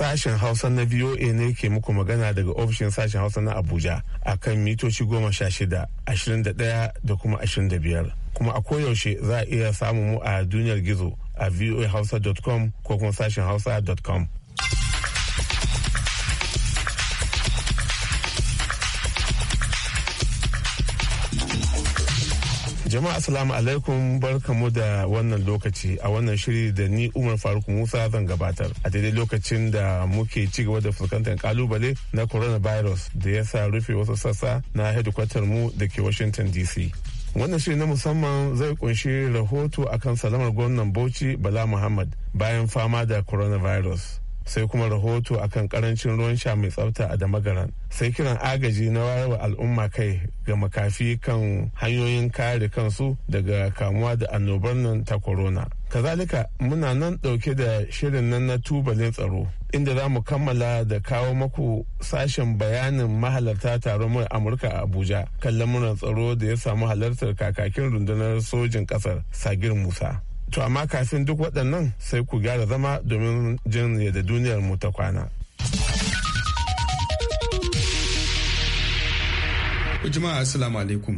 sashen hausa na voa ne ke muku magana daga ofishin sashen hausa na abuja a kan mitoci goma sha shida ashirin da ɗaya da kuma ashirin da biyar kuma a koyaushe za a iya samun mu a duniyar gizo a voahausa.com ko kuma sashen hausa.com Jama'a Assalamu alaikum barkamu da wannan lokaci a wannan shiri da ni Umar Faruk Musa zan gabatar a daidai lokacin da muke ci gaba da fuskantar kalubale na coronavirus da ya sa rufe wasu sassa na hedikwatar mu da ke Washington DC. Wannan shiri na musamman zai kunshi rahoto akan salamar gwamnan Bauchi Bala Muhammad bayan fama da coronavirus. sai kuma rahoto akan karancin ruwan sha mai tsafta a damagaran sai kiran agaji na wayarwa al'umma kai ga makafi kan hanyoyin kare kansu daga kamuwa da annobar nan ta corona kazalika muna nan ɗauke da shirin nan na tubalin tsaro inda za mu kammala da kawo maku sashen bayanin mahalarta taron mai amurka a abuja kan lamuran tsaro da ya samu halartar kakakin rundunar sojin kasar sagir musa To amma kafin duk waɗannan sai ku gyara zama domin jin yadda duniyar mu ta kwana. Jama'a Assalamu alaikum.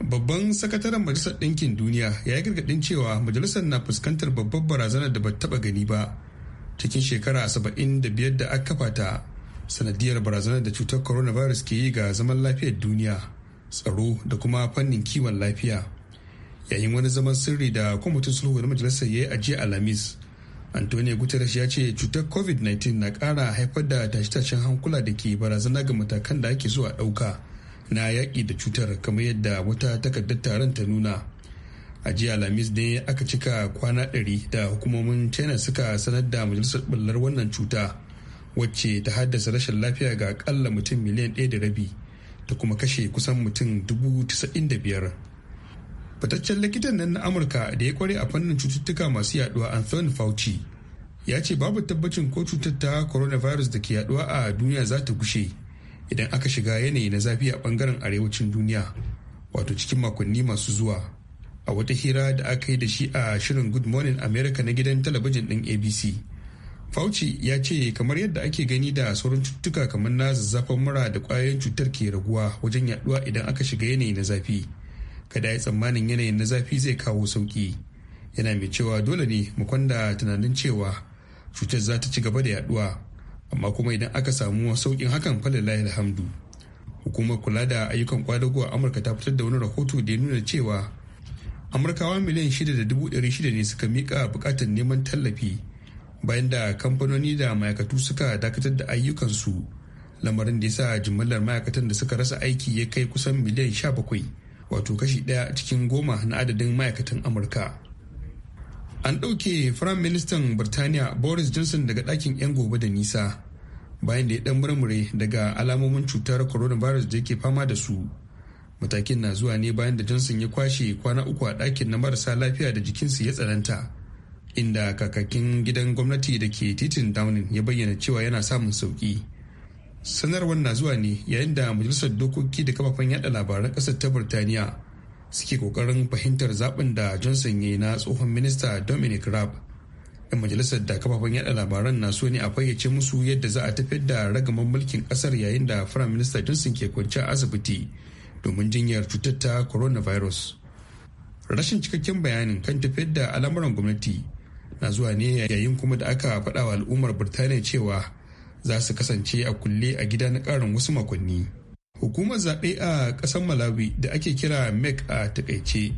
Babban sakataren Majalisar Ɗinkin Duniya ya yi gargaɗin cewa majalisar na fuskantar babbar barazanar da ba taɓa gani ba cikin shekara saba'in da biyar da aka kafa ta sanadiyar barazanar da cutar coronavirus ke yi ga zaman lafiyar duniya, tsaro da kuma fannin kiwon lafiya. yayin wani zaman sirri da kwamitin sulhu na majalisar ya yi a jiya antonio guterres ya ce cutar covid-19 na kara haifar da tashe-tashen hankula da ke barazana ga matakan da ake so a ɗauka na yaƙi da cutar kamar yadda wata takardar taron ta nuna a jiya alhamis ne aka cika kwana ɗari da hukumomin china suka sanar da majalisar ɓullar wannan cuta wacce ta haddasa rashin lafiya ga akalla mutum miliyan ɗaya da rabi ta kuma kashe kusan mutum dubu da biyar. fitaccen likitan nan na amurka da ya kware a fannin cututtuka masu yaduwa anthony fauci ya ce babu tabbacin ko cutar ta coronavirus da ke yaduwa a duniya za ta gushe idan aka shiga yanayi na zafi a bangaren arewacin duniya wato cikin makonni masu zuwa a wata hira da aka yi da shi a shirin good morning america na gidan talabijin din abc fauci ya ce kamar yadda ake gani da sauran cututtuka kamar na zazzafan mura da kwayoyin cutar ke raguwa wajen yaduwa idan aka shiga yanayi na zafi kada ya tsammanin yanayin na zafi zai kawo sauki yana mai cewa dole ne mu kwanda tunanin cewa cutar za ta ci gaba da yaduwa amma kuma idan aka samu saukin hakan falilahi alhamdu hukumar kula da ayyukan kwadago amurka ta fitar da wani rahoto da ya nuna cewa amurkawa miliyan shida da dubu dari shida ne suka mika bukatar neman tallafi bayan da kamfanoni da ma'aikatu suka dakatar da ayyukansu lamarin da ya sa jimillar ma'aikatan da suka rasa aiki ya kai kusan miliyan sha bakwai wato kashi ɗaya cikin goma na adadin ma'aikatan amurka an ɗauke firam ministan birtaniya boris johnson daga ɗakin 'yan gobe da nisa bayan da ya ɗan murmure daga alamomin cutar coronavirus da yake fama da su matakin na zuwa ne bayan da johnson ya kwashe kwana uku a ɗakin na marasa lafiya da jikinsu ya tsananta inda kakakin gidan gwamnati da ke titin downing ya bayyana cewa yana samun sauƙi. sanarwar na zuwa ne yayin da majalisar dokoki da kafafen yada labaran ƙasar ta Birtaniya suke kokarin fahimtar zaɓin da johnson ya yi na tsohon minista dominic raab yan majalisar da kafafen yada labaran na so ne a fayyace musu yadda za a tafiyar da ragaman mulkin kasar yayin da firayim minista johnson ke kwanciya asibiti domin jinyar cutar ta coronavirus rashin cikakken bayanin kan tafiyar da al'amuran gwamnati na zuwa ne yayin kuma da aka faɗa wa al'ummar birtaniya cewa za su kasance a kulle a gida na karin wasu makonni hukumar zaɓe a ƙasar malawi da ake kira mec a takaice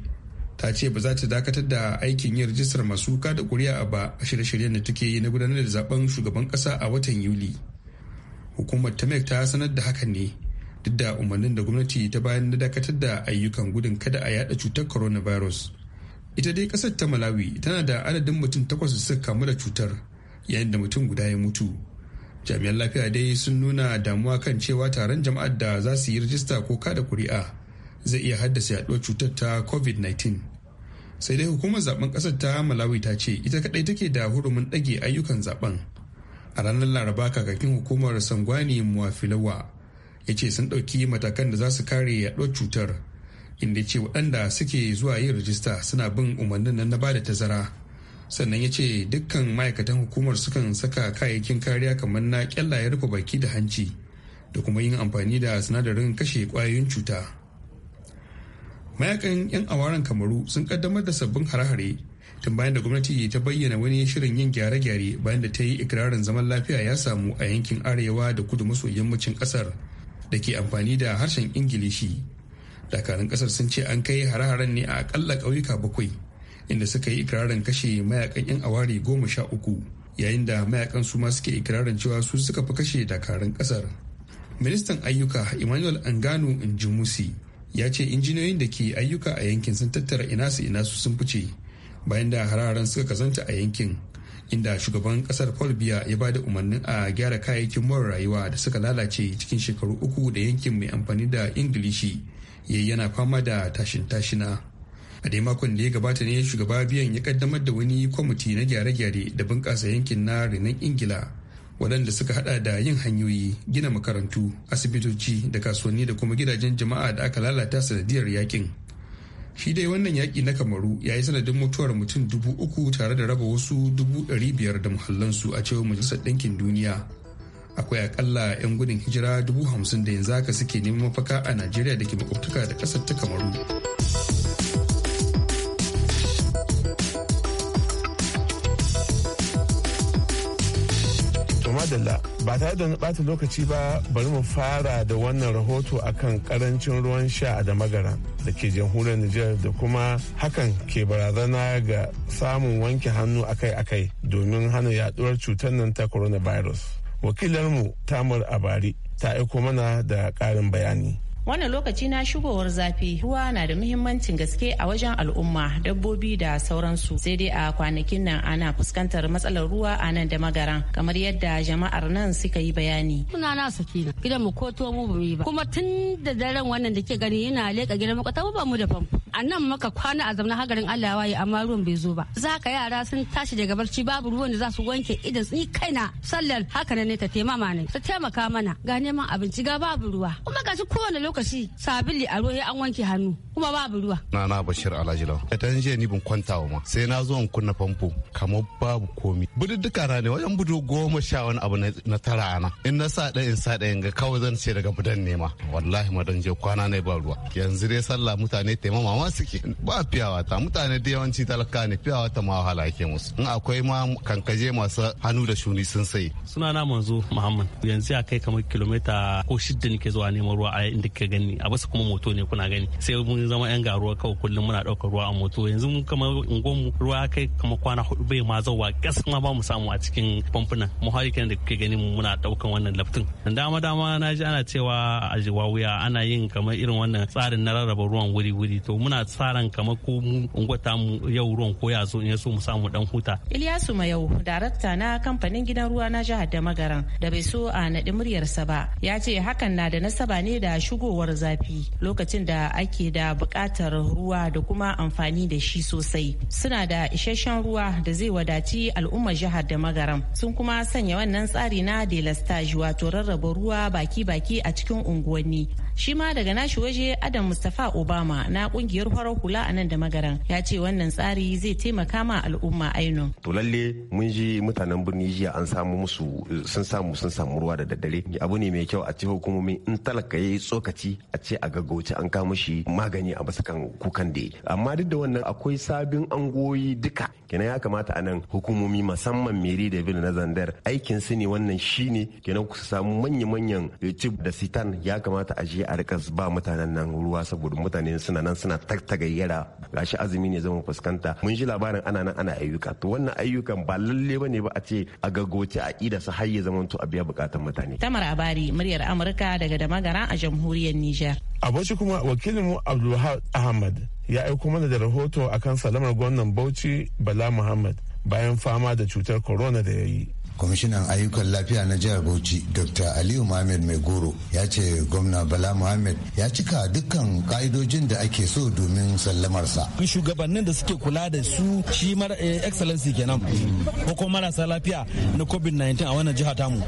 ta ce ba za ta dakatar da aikin yin rajistar masu kada kuri'a ba a shirye-shiryen da take yi na gudanar da zaben shugaban ƙasa a watan yuli hukumar ta mec ta sanar da haka ne duk da umarnin da gwamnati ta bayan na dakatar da ayyukan gudun kada a yada cutar coronavirus ita dai ƙasar ta malawi tana da adadin mutum takwas da suka kamu da cutar yayin da mutum guda ya mutu jami'an lafiya dai sun nuna damuwa kan cewa taron jama'ar da za su yi rijista ko kada kuri'a zai iya haddasa yaduwar cutar ta covid-19 sai dai hukumar zaben ƙasar ta malawi ta ce ita kadai take da hurumin ɗage ayyukan zaben a ranar laraba kakakin hukumar sangwani muwafilawa ya ce sun ɗauki matakan da za su kare yaduwar cutar inda ce waɗanda suke zuwa yin rijista suna bin umarnin nan na da tazara sannan ya ce dukkan ma'aikatan hukumar sukan saka kayayyakin kariya kamar na kyallaye rufe baki da hanci da kuma yin amfani da sinadarin kashe kwayoyin cuta mayakan 'yan awaran kamaru sun kaddamar da sabbin hare-hare tun bayan da gwamnati ta bayyana wani shirin yin gyare-gyare bayan da ta yi ikirarin zaman lafiya ya samu a yankin arewa da kudu maso yammacin kasar da ke amfani da harshen ingilishi dakarun kasar sun ce an kai hare-haren ne a akalla ƙauyuka bakwai inda suka yi ikirarin kashe mayakan 'yan awari goma sha uku yayin da mayakan su ma suke ikirarin cewa su suka fi kashe dakarun kasar ministan ayyuka emmanuel angano injimusi ya ce injiniyoyin da ke ayyuka a yankin sun tattara ina su ina su sun fice bayan da hararen suka kazanta a yankin inda shugaban kasar paul biya ya ba da umarnin a gyara kayayyakin mara rayuwa da suka lalace cikin shekaru uku da yankin mai amfani da ingilishi yayi yana fama da tashin tashina a dai makon da ya gabata ne shugaba biyan ya kaddamar da wani kwamiti na gyare-gyare da bunƙasa yankin na renon ingila waɗanda suka hada da yin hanyoyi gina makarantu asibitoci da kasuwanni da kuma gidajen jama'a da aka lalata sanadiyar yakin shi dai wannan yaki na kamaru ya yi sanadin mutuwar mutum dubu uku tare da raba wasu dubu ɗari biyar da muhallansu a cewar majalisar ɗinkin duniya akwai akalla 'yan gudun hijira dubu hamsin da yanzu haka suke neman mafaka a najeriya da ke makwabtaka da ƙasar ta kamaru. madalla ba tare da ɓata lokaci ba bari mu fara da wannan rahoto akan karancin ruwan sha a magara da ke jamhuriyar Nijar da kuma hakan ke barazana ga samun wanke hannu akai-akai domin hana yaduwar cutar nan ta coronavirus. Wakilarmu Tamar Abari ta aiko mana da ƙarin bayani. wannan lokaci na shigowar zafi ruwa na da muhimmancin gaske a wajen al'umma dabbobi da sauransu sai dai a kwanakin nan ana fuskantar matsalar ruwa a nan da magaran kamar yadda jama'ar nan suka yi bayani suna na sakina gidan mu ko tuwo mu ba kuma tun da daren wannan da ke gani yana leka gidan makwata ba mu da famfo a nan maka kwana a zamna hagarin Allah waye amma ruwan bai zo ba za ka yara sun tashi daga barci babu ruwan da za su wanke idan ni kaina sallar haka ne ta taimama ne ta taimaka mana ga neman abinci ga babu ruwa kuma ga shi kowane lokaci sabili a rohe an wanke hannu kuma babu ruwa na na bashir alhaji lawan ta ni bin kwantawa ma sai na zo in kunna famfo kamar babu komi bududduka na ne wajen budo goma sha wani abu na tara ana in na sa ɗaya in sa ɗaya ga kawai zan ce daga budan nema wallahi madan je kwana ne ba ruwa yanzu dai sallah mutane taimama kamar ba fiyawa ta mutane da yawanci talaka ne fiyawa ta ma wahala ke musu in akwai ma kankaje masu hannu da shuni sun sai suna na manzo muhammad yanzu ya kai kamar kilomita ko shidda ne ke zuwa neman ruwa a inda ka gani a basu kuma moto ne kuna gani sai mun zama yan garuwa kawai kullum muna daukar ruwa a moto yanzu mun kamar ungon ruwa ya kai kamar kwana hudu bai ma zauwa gas ma ba mu samu a cikin famfunan mu har da kuke gani muna daukan wannan laftin dama dama na ji ana cewa a jiwawuya ana yin kamar irin wannan tsarin na rarraba ruwan wuri wuri to muna tsaran kamar ko mu ungwata mu yau ruwan ko ya zo in mu samu dan huta Ilyasu Mayau darakta na kamfanin gidan ruwa na jihar da magaran da bai so a naɗi muryarsa ba ya ce hakan na da nasaba ne da shigowar zafi lokacin da ake da buƙatar ruwa da kuma amfani da shi sosai suna da isasshen ruwa da zai wadaci al'ummar jihar da magaran sun kuma sanya wannan tsari na delastage wato rarraba ruwa baki-baki a cikin unguwanni shi ma daga nashi waje adam mustapha obama na kungiyar kungiyar farar hula a nan da magaran ya ce wannan tsari zai taimaka ma al'umma ainun. To lalle mun ji mutanen birni jiya an samu musu sun samu sun samu ruwa da daddare abu ne mai kyau a ce hukumomi in talaka ya yi tsokaci a ce a gaggauce an kama shi magani a bisa kan kukan da amma duk da wannan akwai sabin angoyi duka kenan ya kamata anan hukumomi musamman meri da bil na zandar aikin su ne wannan shine kenan ku samu manya-manyan cib da sitan ya kamata a je a rika ba mutanen nan ruwa saboda mutane suna nan suna ta gayyara shi azumi ne zama fuskanta mun ji labarin ana nan ana ayyuka to wannan ayyukan ba lalle ne ba a ce a gagoce a ida su har ya zama to a biya bukatun mutane tamar abari muryar amurka daga da a jamhuriyar niger abuci kuma wakilin mu abdulhaq ahmad ya aiko mana da rahoto akan salamar gwamnan bauchi bala muhammad bayan fama da cutar corona da ya yi kwamishinan ayyukan lafiya na jihar bauchi dr aliyu mohammed mai goro ya ce gwamna bala muhammed ya cika dukkan ka'idojin da ake so domin sallamarsa shugabannin da suke kula da su shi mara eh, excellency kenan ko kuma marasa lafiya na covid-19 a wannan jiha tamu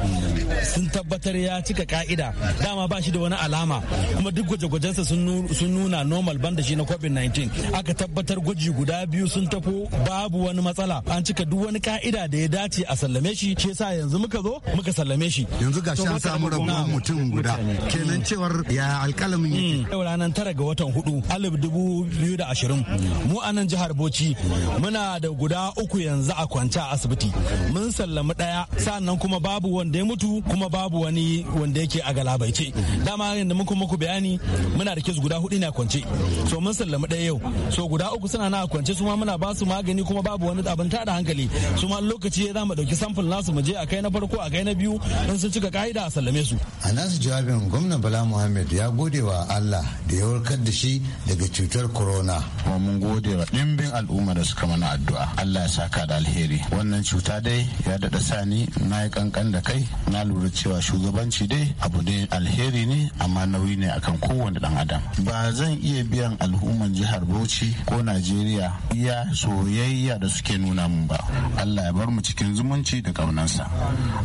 sun tabbatar ya cika ka'ida dama ba shi da wani alama kuma duk gwaje-gwajensa sun nuna normal da shi na covid-19 aka tabbatar gwaji guda biyu sun tafo babu wani matsala an cika duk wani ka'ida da ya dace a sallame shi ce sa yanzu muka zo muka sallame shi yanzu ga shan samu rabuwar mutum guda kenan cewar ya alkalamin yake mm. yau ranar tara ga watan hudu alif dubu biyu da ashirin mu a nan jihar bauchi muna da guda uku yanzu a kwance a asibiti mun sallami daya sannan kuma babu wanda ya mutu kuma babu wani wanda yake a galabaice dama yadda muku muku bayani muna da kes guda hudu ne a kwance so mun sallami daya yau so guda uku suna na a kwance su ma muna ba su magani kuma babu wani abin tada hankali su ma lokaci ya za mu dauki samfin nasu su mu je a kai na farko a kai na biyu in sun cika ka'ida a sallame su a nasu jawabin gwamnan bala muhammad ya gode wa allah da ya warkar da shi daga cutar corona kuma mun gode wa dimbin al'umma da suka mana addu'a allah ya saka da alheri wannan cuta dai ya daɗa sani na yi kankan da kai na lura cewa shugabanci dai abu ne alheri ne amma nauyi ne akan kowane ɗan adam ba zan iya biyan al'umman jihar bauchi ko najeriya iya soyayya da suke nuna mun ba allah ya bar mu cikin zumunci da kawai. sunansa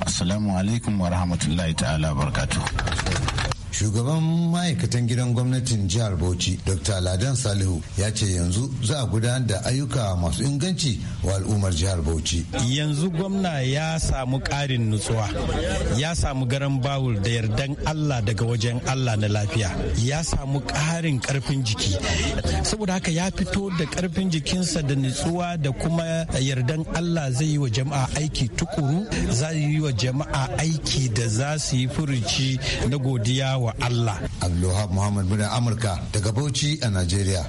assalamu alaikum wa rahmatullahi ta'ala barkatu shugaban ma'aikatan gidan gwamnatin jihar bauchi dr ladan salihu ya ce yanzu za a gudanar da ayyuka masu inganci wa al'ummar jihar bauchi yanzu gwamna ya samu karin nutsuwa ya samu garan bawul da yardan allah daga wajen allah na lafiya ya samu ƙarin karfin jiki saboda haka ya fito da ƙarfin jikinsa da nutsuwa da kuma yardan allah zai yi wa jama'a aiki tukuru zai yi wa jama'a aiki da za su yi furuci na godiya wa Allah. Abdulwahab Muhammad muna Amurka daga Bauchi a Najeriya.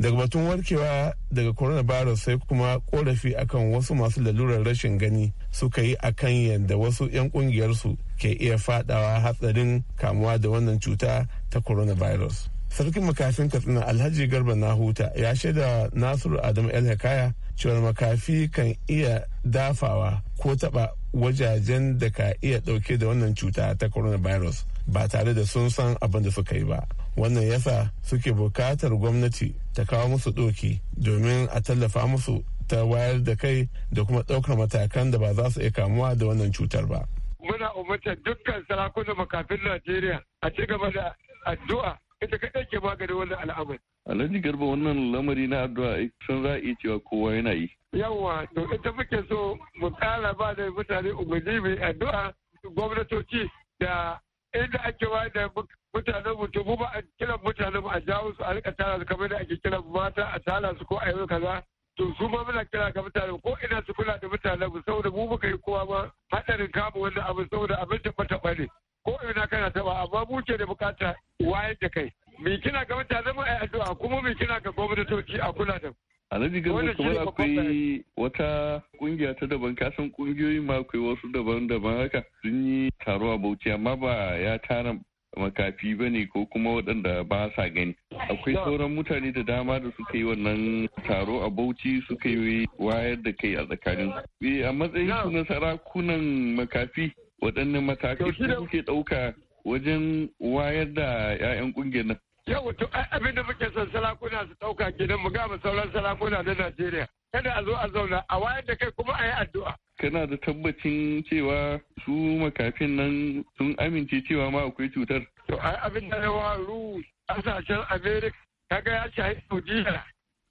Daga batun warkewa daga coronavirus sai kuma korafi akan wasu masu lalurar rashin gani suka yi a kan yadda wasu 'yan kungiyarsu ke iya fadawa hatsarin kamuwa da wannan cuta ta coronavirus. sarkin makafin katsina alhaji garba na huta ya shaida nasiru adamu el cewa cewa makafi kan iya dafawa ko taba wajajen da ka iya dauke da wannan cuta ta coronavirus ba tare da sun san abin da suka yi ba wannan yasa suke bukatar gwamnati ta kawo musu doki domin a tallafa musu ta wayar da kai da kuma ɗaukar matakan da ba za su iya kamuwa da wannan cutar ba. Muna umarta dukkan sarakunan makafin Najeriya a ci gaba da addu'a ita kaɗai ke maganin wannan al'amari. Alhaji Garba wannan lamari na addu'a sun za iya cewa kowa yana yi. Yawwa to ita muke so mu ƙara ba da mutane umarni mai addu'a gwamnatoci da inda ake wayar da mutanen mutum mu ba a kiran mutanen a jawo su a rika tara su kamar da ake kira mata a tara su ko a yi kaza to su ma muna kira ka mutane ko ina su kula da mutanen mu saboda mu muka yi kowa ma hadarin kama wannan abin saboda abin taba taba ne ko ina kana taba amma mu ke da bukata wayar da kai mai kina ga mutanen mu a addu'a kuma mai kina ga gwamnatoci a kula da mu Alhaji gaba kamar akwai wata kungiya ta daban kasan kungiyoyi ma akwai wasu daban-daban haka sun yi taro a Bauchi amma ba ya tara makafi ba ne ko kuma waɗanda ba sa gani. Akwai sauran mutane da dama da suka yi wannan taro a Bauchi suka yi wayar da kai a tsakanin. Eh, a matsayin su na sarakunan makafi waɗannan matakai suke ɗauka wajen wayar da 'ya'yan ƙungiyar nan. yau to abin da muke son salakuna su ɗauka gidan mu gama sauran salakuna na Najeriya. Kada a zo a zauna a wayar da kai kuma a yi addu'a. Kana da tabbacin cewa su makafin nan sun amince cewa ma akwai cutar. To ai abin da yawa ru kasashen Amerika kaga ya shahi Saudiya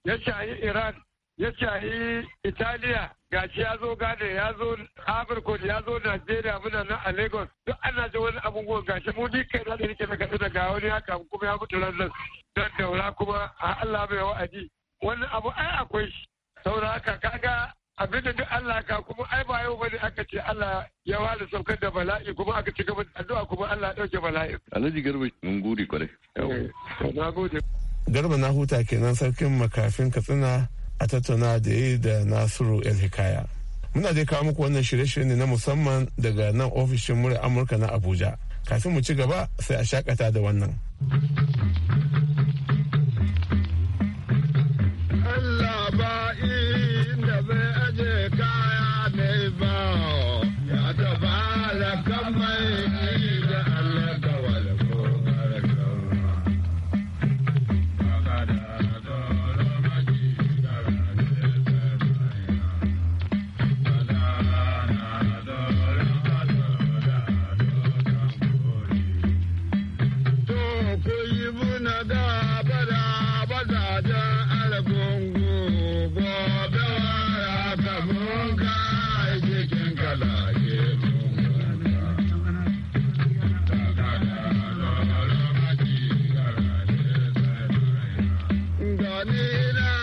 ya shahi Iran ya shahi Italiya gashi ya zo gane ya zo Africa ya zo nigeria muna nan a Lagos duk ana ji wani abubuwan gashi mu ni kai da nake na kasu daga wani haka kuma ya mutu ran nan daura kuma a Allah bai wa'adi wannan abu ai akwai shi saboda haka kaga abin da duk Allah ka kuma ai ba yau bane aka ce Allah ya wani saukar da bala'i kuma aka ci gaba da addu'a kuma Allah ya dauke bala'i Alhaji Garba mun gode kwarai eh, na gode Garba na huta kenan sarkin makafin Katsina a tattauna da ya da nasiru el hikaya muna dai kawo muku wannan shirye-shirye ne na musamman daga nan ofishin murya amurka na abuja kafin mu ci gaba sai a shakata da wannan cikin kalaye Gani na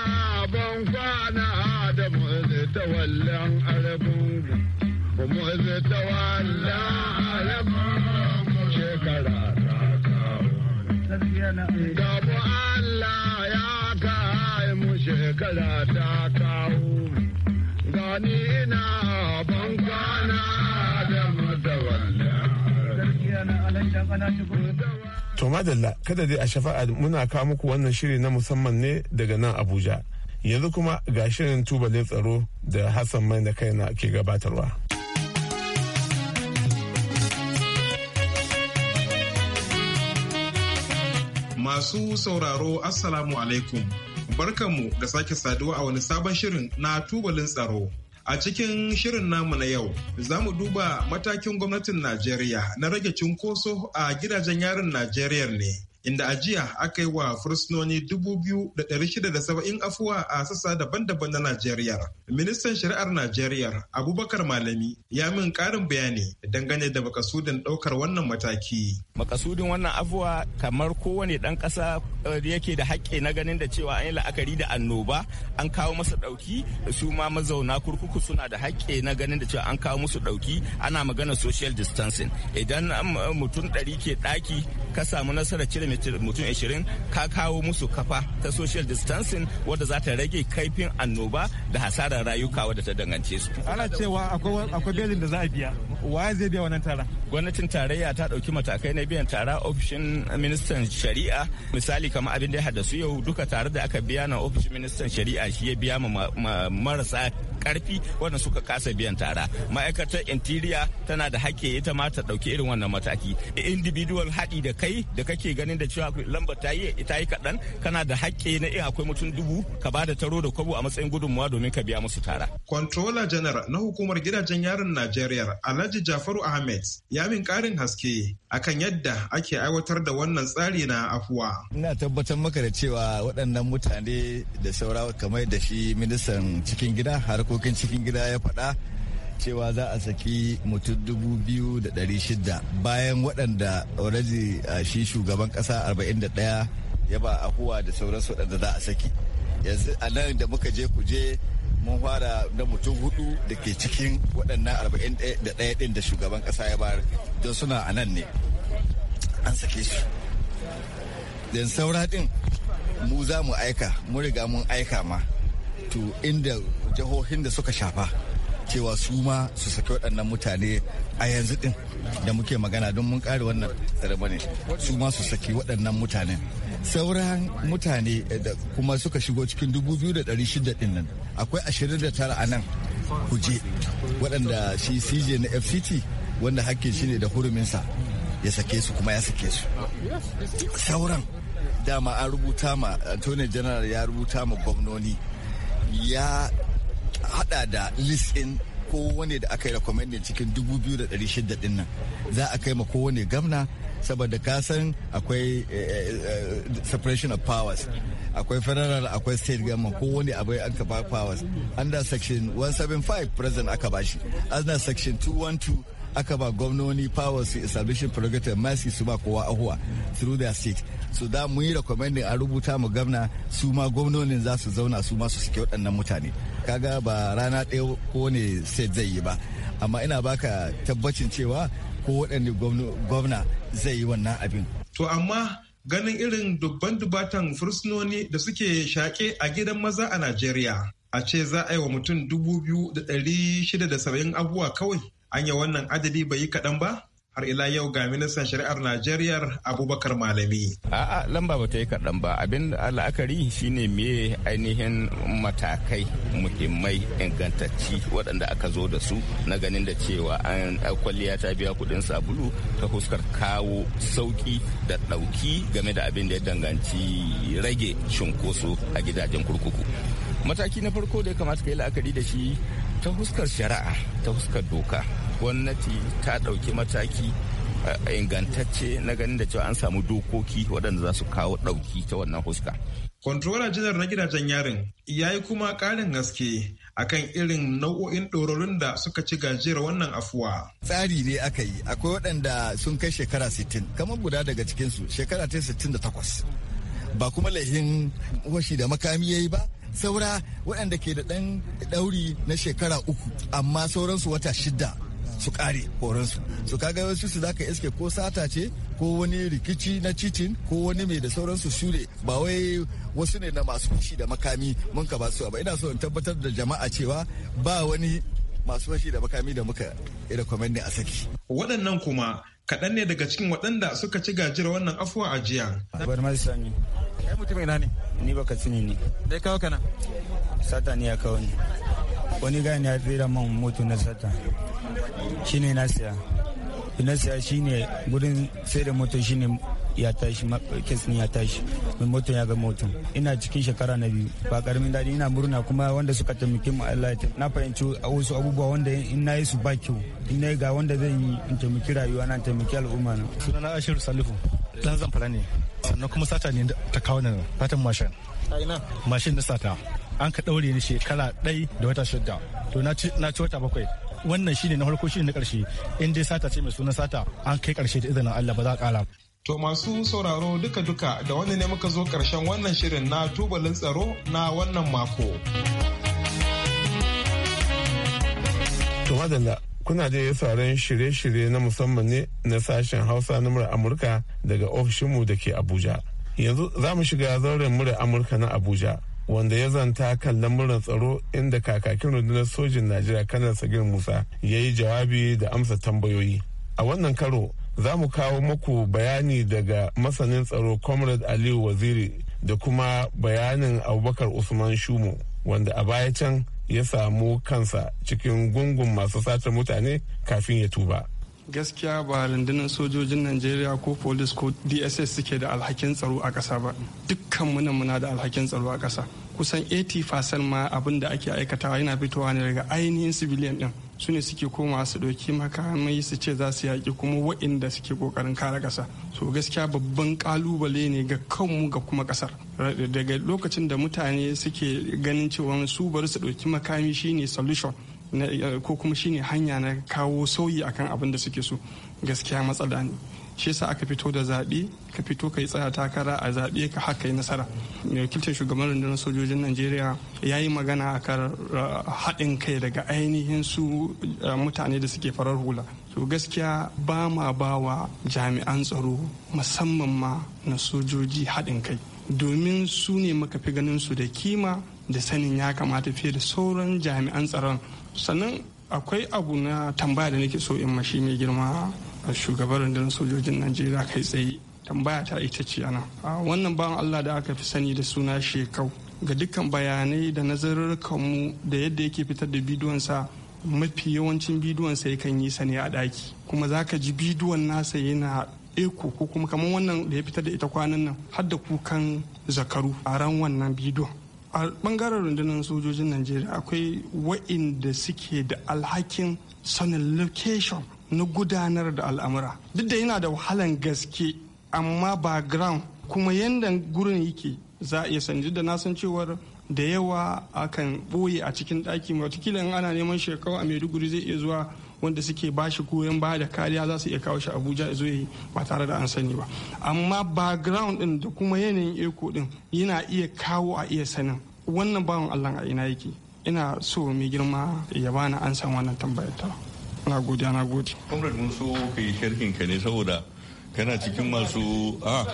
ban kwana Adamu zai shekara ta Allah ya kawo mu shekara ta To madalla kada dai a shafa'a muna kawo muku wannan shiri na musamman ne daga nan Abuja. Yanzu kuma ga shirin tubalin tsaro da Hassan mai da kaina ke gabatarwa. Masu sauraro Assalamu alaikum. Barkanmu da sake saduwa a wani sabon shirin na tubalin tsaro. A cikin shirin namu na yau, za mu duba matakin gwamnatin Najeriya na rage cunkoso a gidajen yarin Najeriya ne. inda a jiya aka yi wa fursunoni 2,670 afuwa a sassa daban-daban na Najeriya. Ministan Shari'ar Najeriya Abubakar Malami ya min karin bayani dangane da makasudin ɗaukar wannan mataki. Makasudin wannan afuwa kamar kowane ɗan ƙasa eh, yake da haƙƙi na ganin da cewa an yi la'akari da annoba an kawo masa ɗauki su ma mazauna kurkuku suna da haƙƙi na ganin da cewa an kawo musu ɗauki ana magana social distancing idan um, mutum ɗari ke ɗaki ka samu nasarar cire mutum 20 ka kawo musu kafa ta social distancing wadda za ta rage kaifin annoba da hasarar rayuka wadda ta dangance su. Ana cewa akwai belin da za a biya. wa zai biya wannan tara? Gwamnatin tarayya ta ɗauki matakai na biyan tara ofishin ministan shari'a misali kamar abin da ya haddasu yau duka tare da aka biya na ofishin ministan shari'a shi ya biya ma marasa karfi wanda suka kasa biyan tara ma'aikatar interior tana da hakke ita ma ta ɗauki irin wannan mataki individual haɗi da kai da kake ganin da cewa lambar ta yi ita yi kaɗan kana da hakke na iya akwai mutum dubu ka ba da taro da kwabo a matsayin gudunmuwa domin ka biya musu tara. Controller General na hukumar gidajen yaron Najeriya Alhaji Jafaru Ahmed ya min karin haske akan yadda ake aiwatar da wannan tsari na afuwa. Ina tabbatar maka da cewa waɗannan mutane da saura kamar da shi ministan cikin gida harkokin harkokin cikin gida ya faɗa cewa za a saki mutum dubu biyu da ɗari shida bayan waɗanda already uh, shi shugaban ƙasa arba'in da ɗaya ya ba ahuwa da sauransu waɗanda za a saki yanzu a nan da muka je kuje mun fara da mutum hudu da ke cikin waɗannan arba'in da ɗaya ɗin da shugaban ƙasa ya bayar don suna a nan ne an sake su don saura ɗin mu za mu aika mu riga mun aika ma to inda jihohin da suka shafa cewa su ma su saki waɗannan mutane a yanzu ɗin da muke magana don mun kare wannan ceremony su ma su saki waɗannan mutanen sauran mutane da kuma suka shigo cikin 2,600 ɗin nan akwai 29 a nan kuje waɗanda shi cj na fct wanda hakkin shi ne da huruminsa ya sake su kuma ya sake su sauran dama an rubuta ma attorney general ya rubuta ma gwamnoni ya hada da listin ko kowane da aka yi recommended cikin 2,600 din nan za a kai ma kowane gamna saboda ka san akwai eh, eh, eh, separation of powers akwai federal akwai state gama kowane abai an ka powers under section 175 president aka bashi under section 212 aka ba gwamnoni powers to establishing prerogative mercy su ba kowa ahuwa through their state so da mu yi recommending a rubuta mu gwamna su ma gwamnonin za su zauna su ma su suke waɗannan mutane kaga ba rana ɗaya ko ne sai zai yi ba amma ina baka tabbacin cewa ko waɗanne gwamna zai yi wannan abin to amma ganin irin dubban dubatan fursunoni da suke shaƙe a gidan maza a Najeriya. A ce za a yi wa mutum dubu biyu da ɗari shida da saba'in abubuwa kawai Anya wannan adadi bai yi kaɗan ba? har ila yau ga ministan shari'ar Najeriya Abubakar Malami. A'a lamba ba ta yi kaɗan ba abin la'akari shine me ainihin matakai muhimmai ingantacci waɗanda aka zo da su na ganin da cewa an eh, kwalliya ta biya kuɗin sabulu ta huskar kawo sauƙi da ɗauki game da abin da ya danganci rage cunkoso a gidajen kurkuku. mataki na farko da ya kamata ka yi la'akari da shi ta huskar shari'a ta huskar doka gwamnati ta ɗauki mataki eh, ingantacce na ganin da cewa an samu dokoki waɗanda za su kawo ɗauki ta wannan huska. Kontrola janar na gidajen yarin ya yi kuma ƙarin haske akan irin nau'o'in ɗororin da suka ci gajiyar wannan afuwa. Tsari ne aka yi, akwai waɗanda sun kai shekara 60, kamar guda daga cikinsu shekara ta 68. Ba kuma laifin washi da makami ya yi ba, saura waɗanda ke da ɗan ɗauri na shekara uku amma sauransu wata shida su kare horonsu su kaga wasu su zaka iske ko sata ce ko wani rikici na cicin ko wani mai da sauransu shure ne ba wai wasu ne na masu fushi da makami mun ka ba ba ina so in tabbatar da jama'a cewa ba wani masu fashi da makami da muka ira kwamendi a saki waɗannan kuma kaɗan ne daga cikin waɗanda suka ci gajiyar wannan afuwa a jiya. Bar ma sani. Kai mutum ina ne? Ni ba ka tuni ne. Dai kawo kana? Sata ne ya kawo ni. Wani gani ya tsira man moto na sata. Shi ne na siya. Na siya shi ne gudun sai da moto shi ne ya tashi kesin ya tashi mai motan ya ga motan ina cikin shekara na biyu ba karamin daɗi ina murna kuma wanda suka taimake mu Allah ya na fahimci wasu abubuwa wanda in na yi su ba kyau in na yi ga wanda zan yi in taimaki rayuwa na taimaki al'umma na sunana Ashiru Salifu dan zamfara ne sannan kuma sata ne ta kawo nan fatan mashin mashin na sata an ka ɗaure ni shekara ɗai da wata shidda to na ci wata bakwai wannan shine na farko shine na karshe. in dai sata ce mai sunan sata an kai karshe da izinin Allah ba za a kara To masu sauraro duka-duka da wani ne muka zo karshen wannan shirin na tubalin tsaro na wannan mako. To madalla kuna da sauran shirye-shirye na musamman ne na sashen Hausa na murar Amurka daga ofishinmu da ke Abuja. Yanzu za mu shiga zauren murar Amurka na Abuja. wanda ya zanta kan lamuran tsaro inda kakakin rundunar sojin najeriya kanar sagir musa ya yi jawabi da amsa tambayoyi a wannan karo za mu kawo muku bayani daga masanin tsaro comrade aliyu waziri da kuma bayanin abubakar usman shumo wanda a baya can ya samu kansa cikin gungun masu satar mutane kafin ya tuba gaskiya ba rundunar sojojin najeriya ko polis ko dss suke da alhakin tsaro a kasa ba dukkan muna muna da alhakin tsaro a ƙasa kusan 80% ma abin da ake aikatawa yana fitowa ne daga ainihin civilian din su ne suke koma su ɗauki makamai su ce za su yaƙi kuma waɗanda suke ƙoƙarin kare ƙasa so gaskiya babban ƙalubale ne ga kanmu ga kuma ƙasar daga lokacin da mutane suke ganin cewa su bari su ɗauki makami shine solution ko kuma shine hanya na kawo sauyi akan abin da suke so gaskiya matsala ne shi yasa aka fito da zaɓe ka fito ka yi tsaya takara a zaɓe ka haka yi nasara mai wakiltar shugaban rundunar sojojin najeriya ya yi magana a kan uh, haɗin kai daga ainihin su uh, mutane da suke farar hula to gaskiya ba ma ba wa jami'an tsaro musamman ma na sojoji haɗin kai domin su ne muka fi ganin su da kima da sanin ya kamata fiye da sauran jami'an tsaron sannan akwai abu na tambaya da nake so in mashi mai girma A shugaban rundunar sojojin najeriya kai tsaye tambaya ta ita ce ana wannan bawan allah da aka fi sani da suna shekau ga dukkan bayanai da mu da yadda yake fitar da bidiyonsa mafi yawancin bidiyonsa yakan yi sani a daki. kuma za ka ji bidiyon nasa yana eko ko kuma kamar wannan da ya fitar da ita kwanan nan har da kukan zakaru a ran wannan bidiyon a bangaren rundunar sojojin najeriya akwai wa'inda suke da alhakin sanin location na gudanar da al'amura duk da yana da wahalan gaske amma background kuma yadda gurin yake za a iya sanji da na san cewar da yawa akan boye a cikin ɗaki watakila in ana neman shekau a maiduguri zai iya zuwa wanda suke ba shi goyon baya da kariya za su iya kawo shi abuja zo yi ba tare da an sani ba amma background din da kuma yanayin eko din yana iya kawo a iya sanin wannan bawan allah a ina yake ina so mai girma ya bani an san wannan tambayar ta na gode na gode comrade mun so ka yi sharhin ka ne saboda kana cikin masu a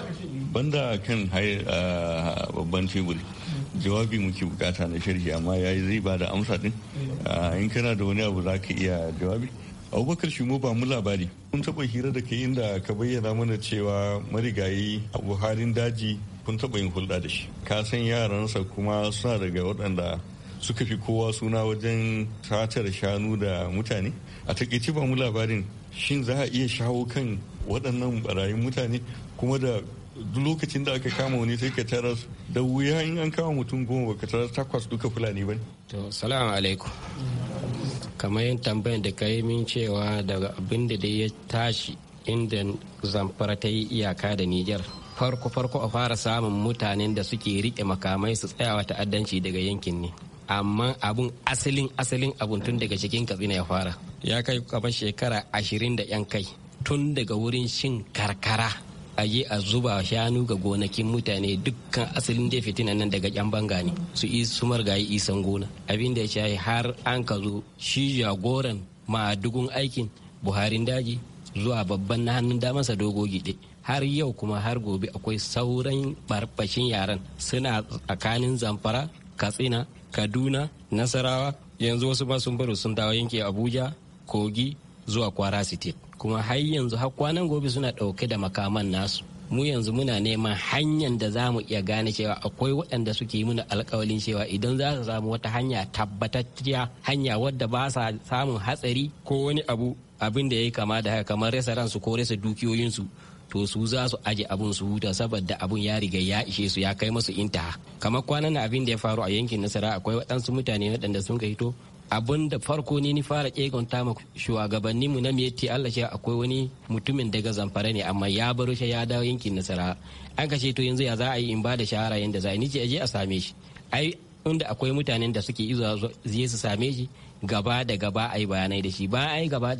banda kan babban tebur jawabi muke bukata na sharhi amma ya yi zai ba da amsa din in kana da wani abu za ka iya jawabi abubakar shi mu ba mu labari kun taba hira da kai inda ka bayyana mana cewa marigayi a buharin daji kun taba yin hulɗa da shi ka san yaransa kuma suna daga waɗanda suka fi kowa suna wajen satar shanu da mutane a takaice ba mu labarin shin za a iya shawo kan waɗannan barayin mutane kuma da duk lokacin da aka kama wani sai ka tarar da wuya in an kama mutum goma ba ka tarar takwas duka fulani ba to salamu alaikum kamar yin tambayar da ka min cewa daga abin da dai ya tashi inda zamfara ta yi iyaka da nijar farko farko a fara samun mutanen da suke rike makamai su tsaya wa ta'addanci daga yankin ne amma abun asalin asalin abun tun daga cikin katsina ya fara ya kai kamar shekara ashirin da yan kai tun daga wurin shin karkara a yi a zuba shanu ga gonakin mutane dukkan asalin da fitina nan daga yan banga ne su isu margayi isan gona abin da ya shayi har an ka zo shi jagoran ma'adugun aikin buharin daji zuwa babban na hannun damansa dogo gide har yau kuma har gobe akwai sauran barbashin yaran suna tsakanin zamfara katsina kaduna nasarawa yanzu wasu ba sun baro sun dawo yanke abuja kogi zuwa kwara state kuma har yanzu har kwanan gobe suna ɗauke da makaman nasu mu yanzu muna neman hanyar da za mu iya gane cewa akwai waɗanda suke yi mana alkawalin cewa idan za su samu wata hanya tabbatacciya hanya wadda ba sa samun hatsari ko wani abu abin da ya yi kama da haka kamar rasa ransu ko rasa dukiyoyinsu to su za su aje abun su huta saboda abun ya riga ya ishe su ya kai masu intaha kamar kwanan abin da ya faru a yankin nasara akwai waɗansu mutane waɗanda sun hito abun da farko ni ni fara kegonta ma shugabanninmu na miyatti Allah shi akwai wani mutumin daga zamfara ne amma ya baro shi ya dawo yankin nasara an kashe to yanzu ya za a yi in ba da shahara yanda za a ni ce aje a same shi ai inda akwai mutanen da suke izuwa zai su same shi gaba da gaba a yi bayanai da shi ba an yi gaba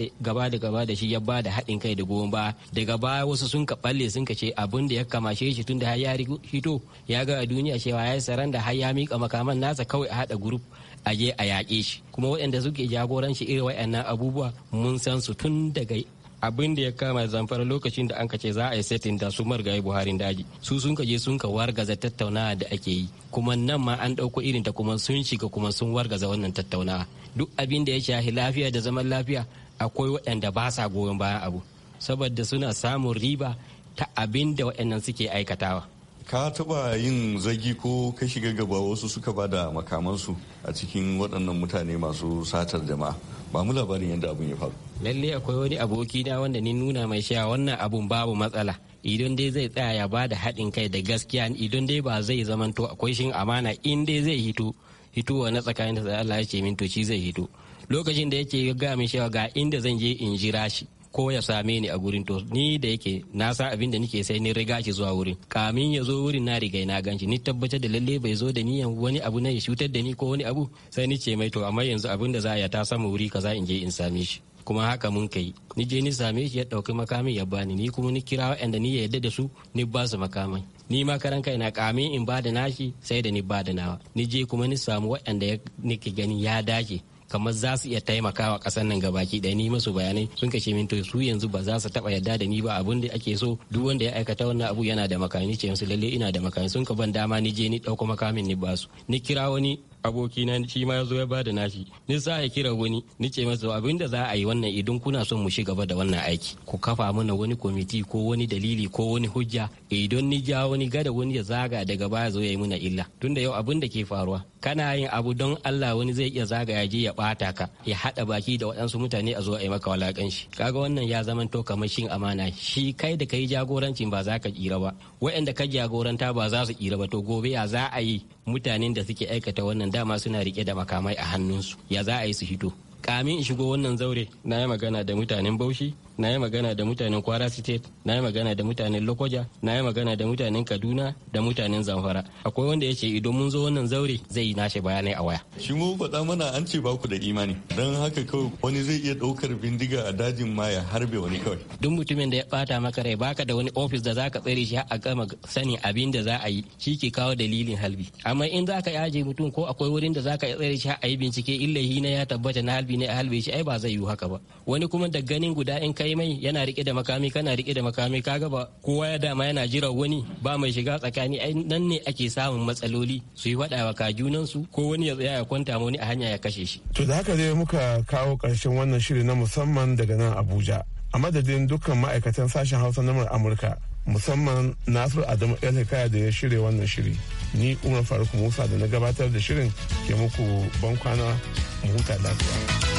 da gaba da shi ya ba da haɗin kai da goma ba daga baya wasu sun ka balle sun ka ce abin da ya kamashe shi tun da har ya hito ya ga a duniya cewa ya yi saranda har ya mika makaman nasa kawai a haɗa gurup a je a yaƙe shi kuma waɗanda suke jagoranci irin waɗannan abubuwa mun san su tun daga abin da ya kama zamfara lokacin da an ce za a yi setin da su margaye buharin daji su sun kaje sun ka wargaza tattaunawa da ake yi kuma nan ma an ɗauko irin ta kuma sun shiga kuma sun wargaza wannan tattaunawa duk abin da ya shahi lafiya da zaman lafiya akwai waɗanda ba sa goyon bayan abu saboda suna samun riba ta abin da waɗannan suke aikatawa ka taba yin zagi ko ka shiga gaba wasu suka ba da makamansu a cikin waɗannan mutane masu satar jama'a ba mu labarin yadda abun ya faru lalle akwai wani aboki na wanda ni nuna mai shi wannan abun babu matsala idan dai zai tsaya ya bada haɗin kai da gaskiya idan dai ba zai zamanto akwai shin amana in dai zai hito hitowa na tsakanin da Allah ya ce min to shi zai hito lokacin da yake ga mai shi ga inda zan je in jira shi ko ya same ni a gurin to ni da yake na sa abin da nike sai ni riga shi zuwa wurin kamin ya zo wurin na riga na ganshi ni tabbatar da lalle bai zo da niyan wani abu na ya shutar da ni ko wani abu sai ni ce mai to amma yanzu abin da za ya ta sama wuri kaza in je in same shi kuma haka mun kai ni je ni same shi ya dauki makamin ya bani ni kuma ni kira wa'anda ni ya yadda da su ni ba su makamai ni ma karan kai na kamin in ba da nashi sai da ni ba da nawa ni je kuma ni samu wa'anda nike gani ya dace kamar za su iya taimakawa ƙasar nan gabaki ɗaya ni masu bayanai sun kashe min to su yanzu ba za su taba yarda da ni ba abin da ake so duk wanda ya aikata wannan abu yana da makami ce musu lalle ina da makami sun ka ban dama ni je ni ɗauko makamin ni basu ni kira wani abokina shi ma ya zo ya bada nashi ni sa ya kira wani ni ce masa abin da za a yi wannan idan kuna son mu shi gaba da wannan aiki ku kafa mana wani kwamiti ko wani dalili ko wani hujja idan ni ja wani gada wani ya zaga daga baya zo ya yi mana illa tunda yau abin da ke faruwa kana yin abu don Allah wani zai iya zagaya je ya bata ka ya hada baki da waɗansu mutane a zo a yi maka walakanci kaga wannan ya zama to kamar shin amana shi kai da kai jagorancin ba za ka kira ba waɗanda ka jagoranta ba za su kira ba to gobe ya za a yi mutanen da suke aikata wannan dama suna rike da makamai a hannunsu ya za a yi su hito kamin in shigo wannan zaure na yi magana da mutanen baushi. na yi magana da mutanen kwara state na yi magana da mutanen lokoja na yi magana da mutanen kaduna da mutanen zamfara akwai wanda ya ce idan mun zo wannan zaure zai yi nashi bayanai a waya shi mu faɗa mana an ce baku da imani don haka kawai wani zai iya ɗaukar bindiga a dajin ma ya harbe wani kawai duk mutumin da ya bata maka rai baka da wani ofis da zaka tsare shi a gama sani abin da za a yi shi ke kawo dalilin halbi amma in za zaka yaje mutum ko akwai wurin da zaka tsare shi a yi bincike illahi na ya tabbata na halbi ne a halbe shi ai ba zai yi haka ba wani kuma da ganin guda in kai yi mai yana rike da makami kana rike da makami ka gaba kowa ya dama yana jiran wani ba mai shiga tsakani ai nan ne ake samun matsaloli su yi wada wa junan su ko wani ya tsaya ya kwanta wani a hanya ya kashe shi. To da haka dai muka kawo karshen wannan shiri na musamman daga nan Abuja. A madadin dukkan ma'aikatan sashen Hausa na Amurka musamman Nasiru Adamu Elhikaya da ya shirya wannan shiri. Ni Umar Faruk Musa da na gabatar da shirin ke muku ban kwana mu huta lafiya.